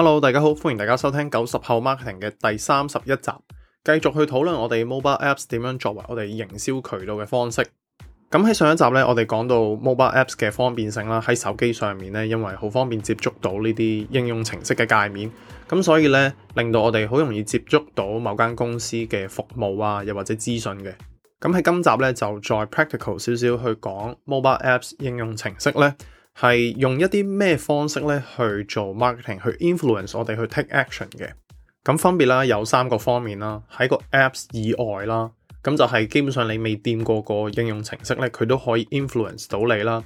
Hello，大家好，歡迎大家收聽九十後 marketing 嘅第三十一集，繼續去討論我哋 mobile apps 點樣作為我哋營銷渠道嘅方式。咁喺上一集呢，我哋講到 mobile apps 嘅方便性啦，喺手機上面呢，因為好方便接觸到呢啲應用程式嘅界面，咁所以呢，令到我哋好容易接觸到某間公司嘅服務啊，又或者資訊嘅。咁喺今集呢，就再 practical 少少去講 mobile apps 應用程式呢，係用一啲咩方式咧去做 marketing，去 influence 我哋去 take action 嘅。咁分別啦，有三個方面啦。喺個 apps 以外啦，咁就係基本上你未掂過個應用程式咧，佢都可以 influence 到你啦。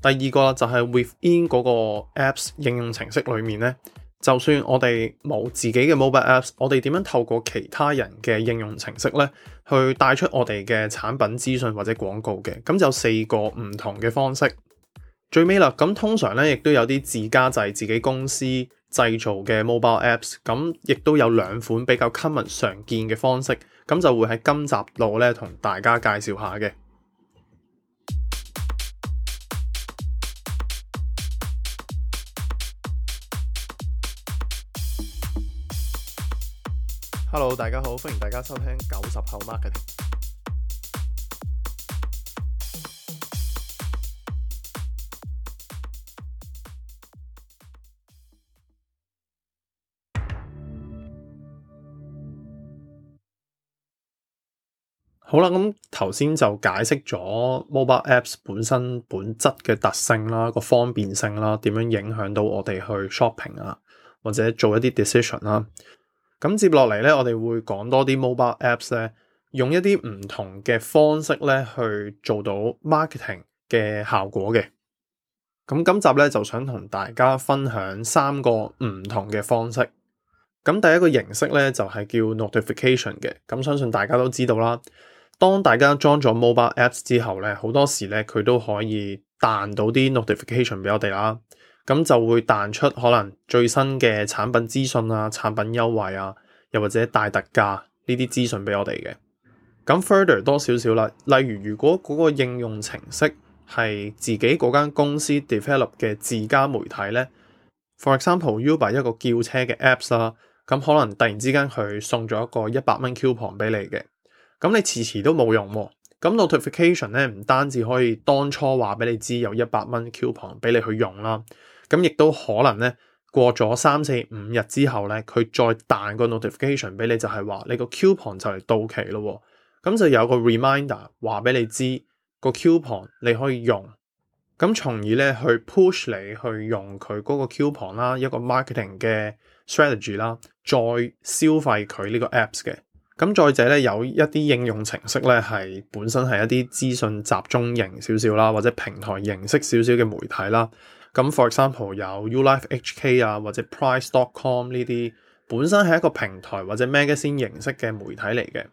第二個就係 within 嗰個 apps 應用程式裏面咧，就算我哋冇自己嘅 mobile apps，我哋點樣透過其他人嘅應用程式咧，去帶出我哋嘅產品資訊或者廣告嘅？咁就四個唔同嘅方式。最尾啦，咁通常咧，亦都有啲自家製、自己公司製造嘅 mobile apps，咁亦都有兩款比較 common、常見嘅方式，咁就會喺今集度咧同大家介紹下嘅。Hello，大家好，歡迎大家收聽九十後 Marketing。好啦，咁頭先就解釋咗 mobile apps 本身本質嘅特性啦，個方便性啦，點樣影響到我哋去 shopping 啊，或者做一啲 decision 啦、啊。咁接落嚟咧，我哋會講多啲 mobile apps 咧，用一啲唔同嘅方式咧，去做到 marketing 嘅效果嘅。咁今集咧就想同大家分享三個唔同嘅方式。咁第一個形式咧就係、是、叫 notification 嘅，咁相信大家都知道啦。當大家裝咗 mobile apps 之後咧，好多時咧佢都可以彈到啲 notification 俾我哋啦，咁就會彈出可能最新嘅產品資訊啊、產品優惠啊，又或者大特價呢啲資訊俾我哋嘅。咁 further 多少少啦，例如如果嗰個應用程式係自己嗰間公司 develop 嘅自家媒體咧，for example Uber 一個叫車嘅 apps 啦，咁可能突然之間佢送咗一個一百蚊 coupon 俾你嘅。咁你遲遲都冇用喎。咁 notification 咧唔單止可以當初話俾你知有一百蚊 coupon 俾你去用啦，咁亦都可能咧過咗三四五日之後咧，佢再彈個 notification 俾你就係話你個 coupon 就嚟到期咯。咁就有個 reminder 話俾你知個 coupon 你可以用，咁從而咧去 push 你去用佢嗰個 coupon 啦，一個 marketing 嘅 strategy 啦，再消費佢呢個 apps 嘅。咁再者咧，有一啲應用程式咧，係本身係一啲資訊集中型少少啦，或者平台形式少少嘅媒體啦。咁，for example 有 U Life HK 啊，或者 price dot com 呢啲，本身係一個平台或者 magazine 形式嘅媒體嚟嘅。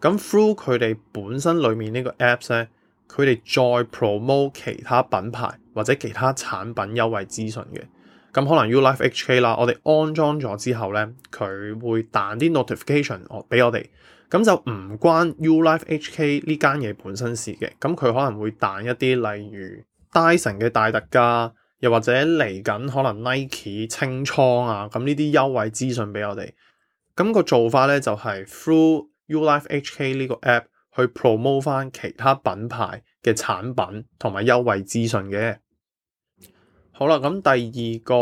咁 through 佢哋本身裡面個呢個 apps 咧，佢哋再 promote 其他品牌或者其他產品優惠資訊嘅。咁可能 U-Life HK 啦，我哋安裝咗之後呢，佢會彈啲 notification 俾我哋，咁就唔關 U-Life HK 呢間嘢本身事嘅，咁佢可能會彈一啲例如 Dyson 嘅大特價，又或者嚟緊可能 Nike 清倉啊，咁呢啲優惠資訊俾我哋。咁、那個做法呢，就係、是、through U-Life HK 呢個 app 去 promote 翻其他品牌嘅產品同埋優惠資訊嘅。好啦，咁第二個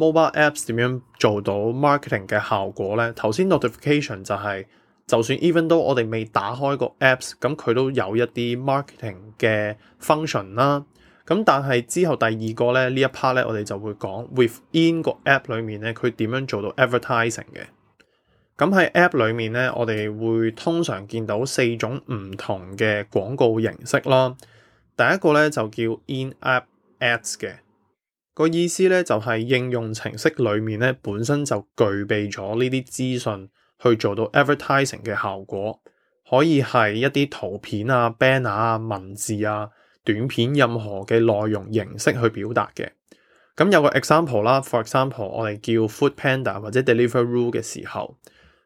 mobile apps 點樣做到 marketing 嘅效果呢？頭先 notification 就係就算 even though 我哋未打開個 apps，咁佢都有一啲 marketing 嘅 function 啦。咁但係之後第二個咧呢一 part 咧，我哋就會講 within 個 app 裡面咧，佢點樣做到 advertising 嘅。咁喺 app 裡面咧，我哋會通常見到四種唔同嘅廣告形式咯。第一個咧就叫 in app ads 嘅。個意思咧就係、是、應用程式裏面咧本身就具備咗呢啲資訊，去做到 advertising 嘅效果，可以係一啲圖片啊、banner 啊、文字啊、短片任何嘅內容形式去表達嘅。咁有個 example 啦，for example 我哋叫 Food Panda 或者 Deliveroo 嘅時候，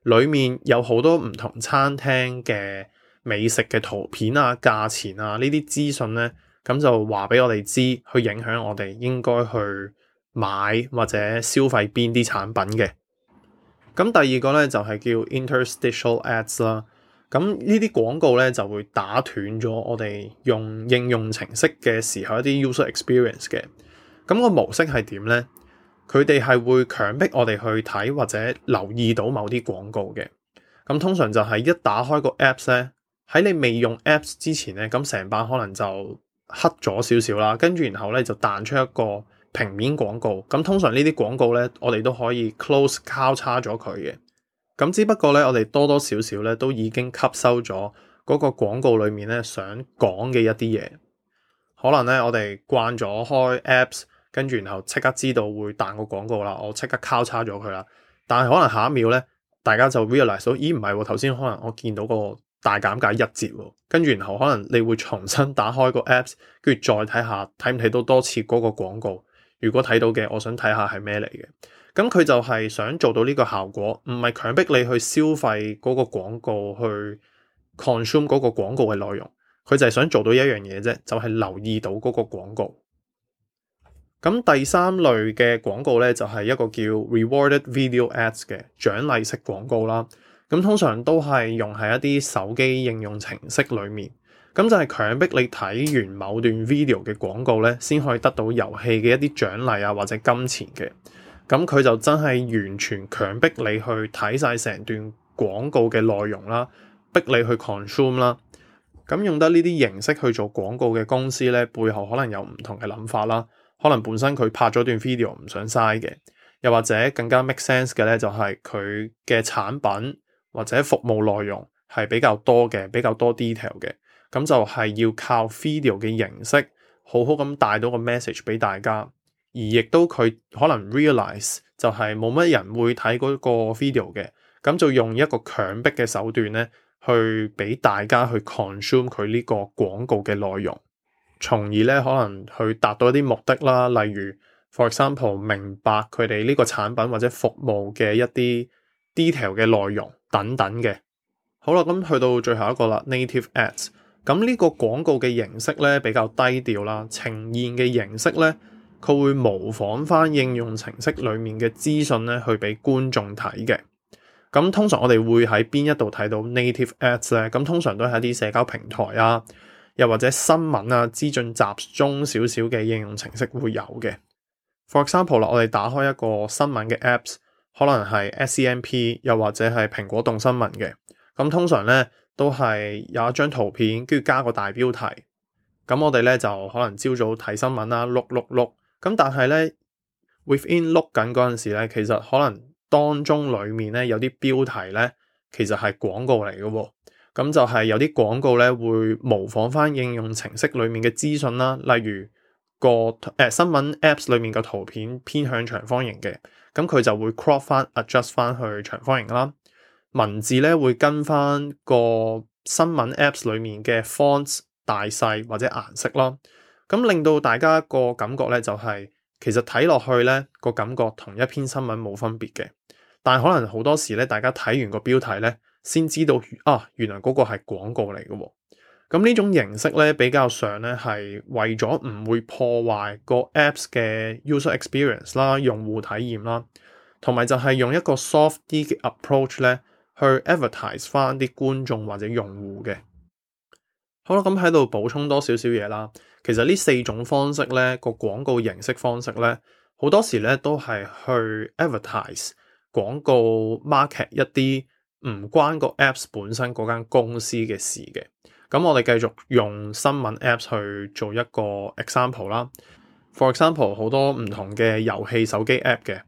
裡面有好多唔同餐廳嘅美食嘅圖片啊、價錢啊呢啲資訊咧。咁就話俾我哋知，去影響我哋應該去買或者消費邊啲產品嘅。咁第二個咧就係叫 Interstitial Ads 啦。咁呢啲廣告咧就會打斷咗我哋用應用程式嘅時候一啲 user experience 嘅。咁個模式係點咧？佢哋係會強迫我哋去睇或者留意到某啲廣告嘅。咁通常就係一打開個 apps 咧，喺你未用 apps 之前咧，咁成班可能就～黑咗少少啦，跟住然後咧就彈出一個平面廣告。咁通常呢啲廣告咧，我哋都可以 close 交叉咗佢嘅。咁只不過咧，我哋多多少少咧都已經吸收咗嗰個廣告裏面咧想講嘅一啲嘢。可能咧我哋慣咗開 apps，跟住然後即刻知道會彈個廣告啦，我即刻交叉咗佢啦。但係可能下一秒咧，大家就 realize 到，咦，唔係，頭先、啊、可能我見到、嗰個。大減價一折，跟住然後可能你會重新打開個 Apps，跟住再睇下睇唔睇到多次嗰個廣告。如果睇到嘅，我想睇下係咩嚟嘅。咁佢就係想做到呢個效果，唔係強迫你去消費嗰個廣告去 consume 嗰個廣告嘅內容。佢就係想做到一樣嘢啫，就係留意到嗰個廣告。咁第三類嘅廣告呢，就係一個叫 rewarded video ads 嘅獎勵式廣告啦。咁通常都係用喺一啲手機應用程式裏面，咁就係強迫你睇完某段 video 嘅廣告咧，先可以得到遊戲嘅一啲獎勵啊，或者金錢嘅。咁佢就真係完全強迫你去睇晒成段廣告嘅內容啦，逼你去 consume 啦。咁用得呢啲形式去做廣告嘅公司咧，背後可能有唔同嘅諗法啦。可能本身佢拍咗段 video 唔想嘥嘅，又或者更加 make sense 嘅咧，就係佢嘅產品。或者服務內容係比較多嘅，比較多 detail 嘅，咁就係要靠 video 嘅形式，好好咁帶到個 message 俾大家，而亦都佢可能 realize 就係冇乜人會睇嗰個 video 嘅，咁就用一個強迫嘅手段咧，去俾大家去 consume 佢呢個廣告嘅內容，從而咧可能去達到一啲目的啦，例如 for example 明白佢哋呢個產品或者服務嘅一啲。detail 嘅內容等等嘅，好啦，咁去到最後一個啦，native ads。咁呢個廣告嘅形式咧，比較低調啦，呈現嘅形式咧佢會模仿翻應用程式裡面嘅資訊咧，去俾觀眾睇嘅。咁通常我哋會喺邊一度睇到 native ads 咧？咁通常都係一啲社交平台啊，又或者新聞啊，資訊集中少少嘅應用程式會有嘅。For example 啦，我哋打開一個新聞嘅 apps。可能係 SCMP，又或者係蘋果動新聞嘅。咁通常呢都係有一張圖片，跟住加個大標題。咁我哋呢就可能朝早睇新聞啦，碌碌碌。咁但係呢 within look 緊嗰陣時呢，其實可能當中裡面呢有啲標題呢，其實係廣告嚟嘅喎。咁就係有啲廣告呢會模仿翻應用程式裡面嘅資訊啦，例如個誒、欸、新聞 Apps 裡面嘅圖片偏向長方形嘅。咁佢就會 crop 翻、adjust 翻去長方形啦。文字咧會跟翻個新聞 apps 裡面嘅 fonts 大細或者顏色咯。咁令到大家個感覺咧就係、是、其實睇落去咧個感覺同一篇新聞冇分別嘅。但係可能好多時咧，大家睇完個標題咧先知道啊，原來嗰個係廣告嚟嘅。咁呢種形式咧比較上咧係為咗唔會破壞個 Apps 嘅 User Experience 啦、用戶體驗啦，同埋就係用一個 soft 啲嘅 approach 咧去 advertise 翻啲觀眾或者用戶嘅。好啦，咁喺度補充多少少嘢啦。其實呢四種方式咧、呢個廣告形式方式咧好多時咧都係去 advertise 廣告 market 一啲唔關個 Apps 本身嗰間公司嘅事嘅。咁我哋繼續用新聞 Apps 去做一個 example 啦。For example，好多唔同嘅遊戲手機 App 嘅。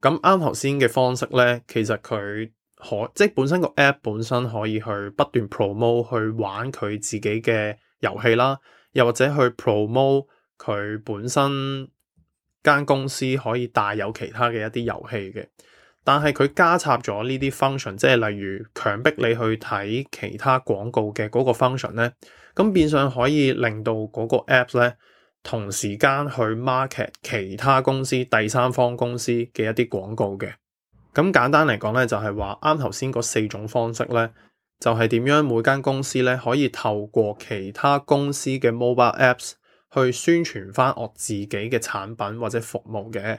咁啱頭先嘅方式呢，其實佢可即係本身個 App 本身可以去不斷 promote 去玩佢自己嘅遊戲啦，又或者去 promote 佢本身間公司可以帶有其他嘅一啲遊戲嘅。但係佢加插咗呢啲 function，即係例如強迫你去睇其他廣告嘅嗰個 function 咧，咁變相可以令到嗰個 app 咧同時間去 market 其他公司、第三方公司嘅一啲廣告嘅。咁簡單嚟講咧，就係話啱頭先嗰四種方式咧，就係點樣每間公司咧可以透過其他公司嘅 mobile apps 去宣傳返我自己嘅產品或者服務嘅。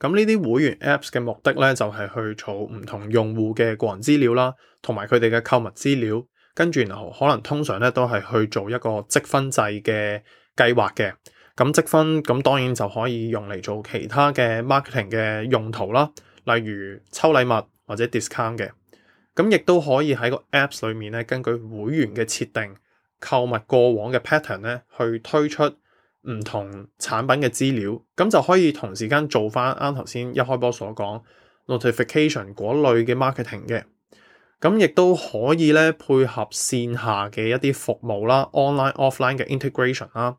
咁呢啲會員 Apps 嘅目的咧，就係去儲唔同用戶嘅個人資料啦，同埋佢哋嘅購物資料，跟住然後可能通常咧都係去做一個積分制嘅計劃嘅。咁積分咁當然就可以用嚟做其他嘅 marketing 嘅用途啦，例如抽禮物或者 discount 嘅。咁亦都可以喺個 Apps 裏面咧，根據會員嘅設定、購物過往嘅 pattern 咧，去推出唔同產品嘅資料，咁就可以同時間做翻啱頭先一開波所講 notification 嗰類嘅 marketing 嘅。咁亦都可以咧配合線下嘅一啲服務啦，online offline 嘅 integration 啦。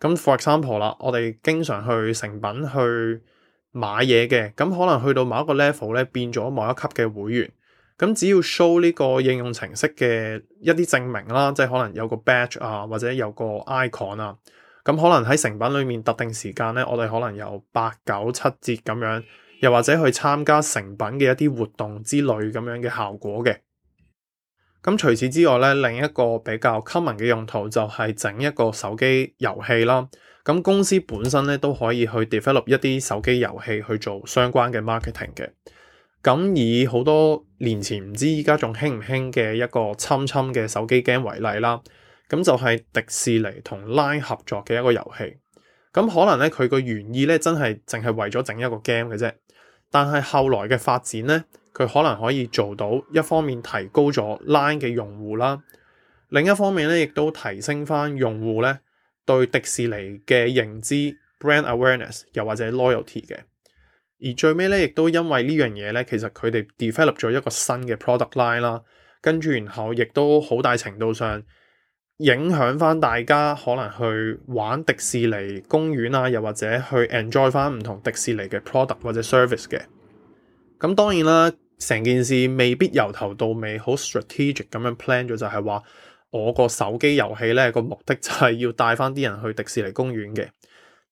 咁，for example 啦，我哋經常去成品去買嘢嘅，咁可能去到某一個 level 咧變咗某一級嘅會員，咁只要 show 呢個應用程式嘅一啲證明啦，即係可能有個 badge 啊，或者有個 icon 啊。咁可能喺成品裏面特定時間呢，我哋可能有八九七折咁樣，又或者去參加成品嘅一啲活動之類咁樣嘅效果嘅。咁除此之外呢，另一個比較 common 嘅用途就係整一個手機遊戲啦。咁公司本身呢，都可以去 develop 一啲手機遊戲去做相關嘅 marketing 嘅。咁以好多年前唔知依家仲興唔興嘅一個侵侵嘅手機 game 為例啦。咁就係迪士尼同 LINE 合作嘅一個遊戲，咁可能咧佢個原意咧真係淨係為咗整一個 game 嘅啫，但係後來嘅發展咧，佢可能可以做到一方面提高咗 LINE 嘅用戶啦，另一方面咧亦都提升翻用戶咧對迪士尼嘅認知 （brand awareness） 又或者 loyalty 嘅，而最尾咧亦都因為呢樣嘢咧，其實佢哋 develop 咗一個新嘅 product line 啦，跟住然後亦都好大程度上。影響翻大家可能去玩迪士尼公園啊，又或者去 enjoy 翻唔同迪士尼嘅 product 或者 service 嘅。咁當然啦，成件事未必由頭到尾好 strategic 咁樣 plan 咗，就係話我個手機遊戲呢個目的就係要帶翻啲人去迪士尼公園嘅。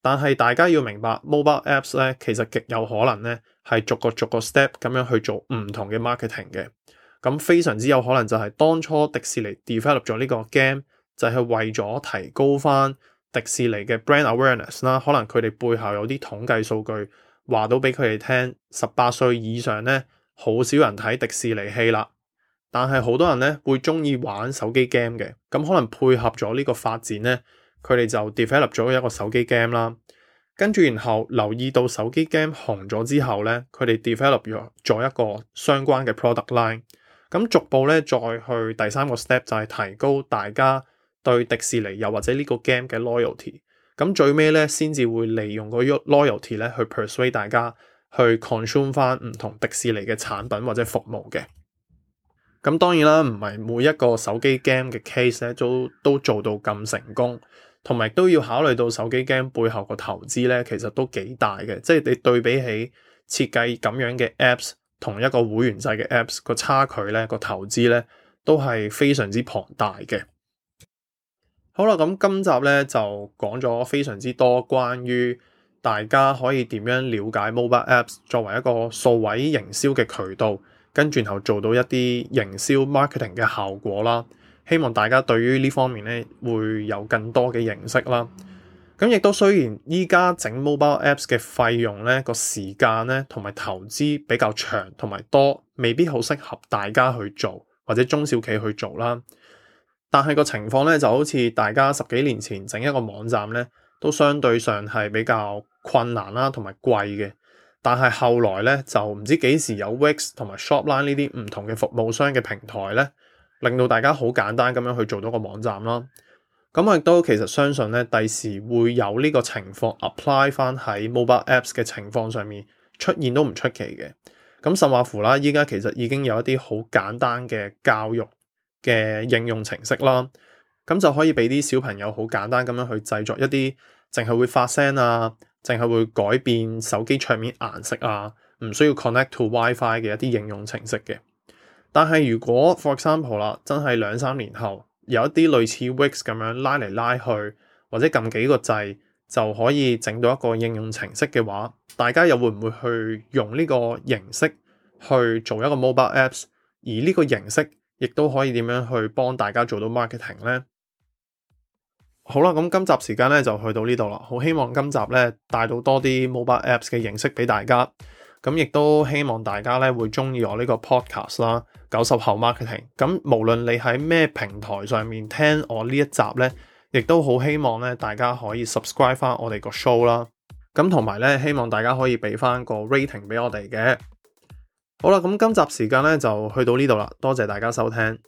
但係大家要明白，mobile apps 呢其實極有可能呢係逐個逐個 step 咁樣去做唔同嘅 marketing 嘅。咁非常之有可能就係當初迪士尼 develop 咗呢個 game。就係為咗提高翻迪士尼嘅 brand awareness 啦，可能佢哋背後有啲統計數據話到俾佢哋聽，十八歲以上咧好少人睇迪士尼戲啦，但係好多人咧會中意玩手機 game 嘅，咁可能配合咗呢個發展咧，佢哋就 develop 咗一個手機 game 啦。跟住然後留意到手機 game 紅咗之後咧，佢哋 develop 咗一個相關嘅 product line，咁逐步咧再去第三個 step 就係提高大家對迪士尼又或者呢個 game 嘅 loyalty，咁最尾咧，先至會利用個 loyalty 咧去 persuade 大家去 consume 翻唔同迪士尼嘅產品或者服務嘅。咁當然啦，唔係每一個手機 game 嘅 case 咧都都做到咁成功，同埋都要考慮到手機 game 背後個投資咧，其實都幾大嘅。即係你對比起設計咁樣嘅 apps 同一個會員制嘅 apps 個差距咧，個投資咧都係非常之龐大嘅。好啦，咁今集咧就講咗非常之多關於大家可以點樣了解 mobile apps 作為一個數位營銷嘅渠道，跟住然後做到一啲營銷 marketing 嘅效果啦。希望大家對於呢方面咧會有更多嘅認識啦。咁亦都雖然依家整 mobile apps 嘅費用咧、個時間咧同埋投資比較長同埋多，未必好適合大家去做或者中小企去做啦。但係個情況咧，就好似大家十幾年前整一個網站咧，都相對上係比較困難啦，同埋貴嘅。但係後來咧，就唔知幾時有 Wix 同埋 Shopline 呢啲唔同嘅服務商嘅平台咧，令到大家好簡單咁樣去做到個網站咯。咁我亦都其實相信咧，第時會有呢個情況 apply 翻喺 mobile apps 嘅情況上面出現都唔出奇嘅。咁甚華乎甚或乎啦，依家其實已經有一啲好簡單嘅教育，嘅應用程式啦，咁就可以俾啲小朋友好簡單咁樣去製作一啲淨係會發聲啊，淨係會改變手機桌面顏色啊，唔需要 connect to WiFi 嘅一啲應用程式嘅。但係如果 for example 啦，真係兩三年後有一啲類似 Wix 咁樣拉嚟拉去，或者撳幾個掣就可以整到一個應用程式嘅話，大家又會唔會去用呢個形式去做一個 mobile apps，而呢個形式，亦都可以點樣去幫大家做到 marketing 呢？好啦，咁今集時間咧就去到呢度啦。好希望今集咧帶到多啲 mobile apps 嘅認識俾大家。咁亦都希望大家咧會中意我呢個 podcast 啦。九十後 marketing，咁無論你喺咩平台上面聽我呢一集咧，亦都好希望咧大家可以 subscribe 翻我哋個 show 啦。咁同埋咧，希望大家可以俾翻個 rating 俾我哋嘅。好啦，咁今集時間呢，就去到呢度啦，多謝大家收聽。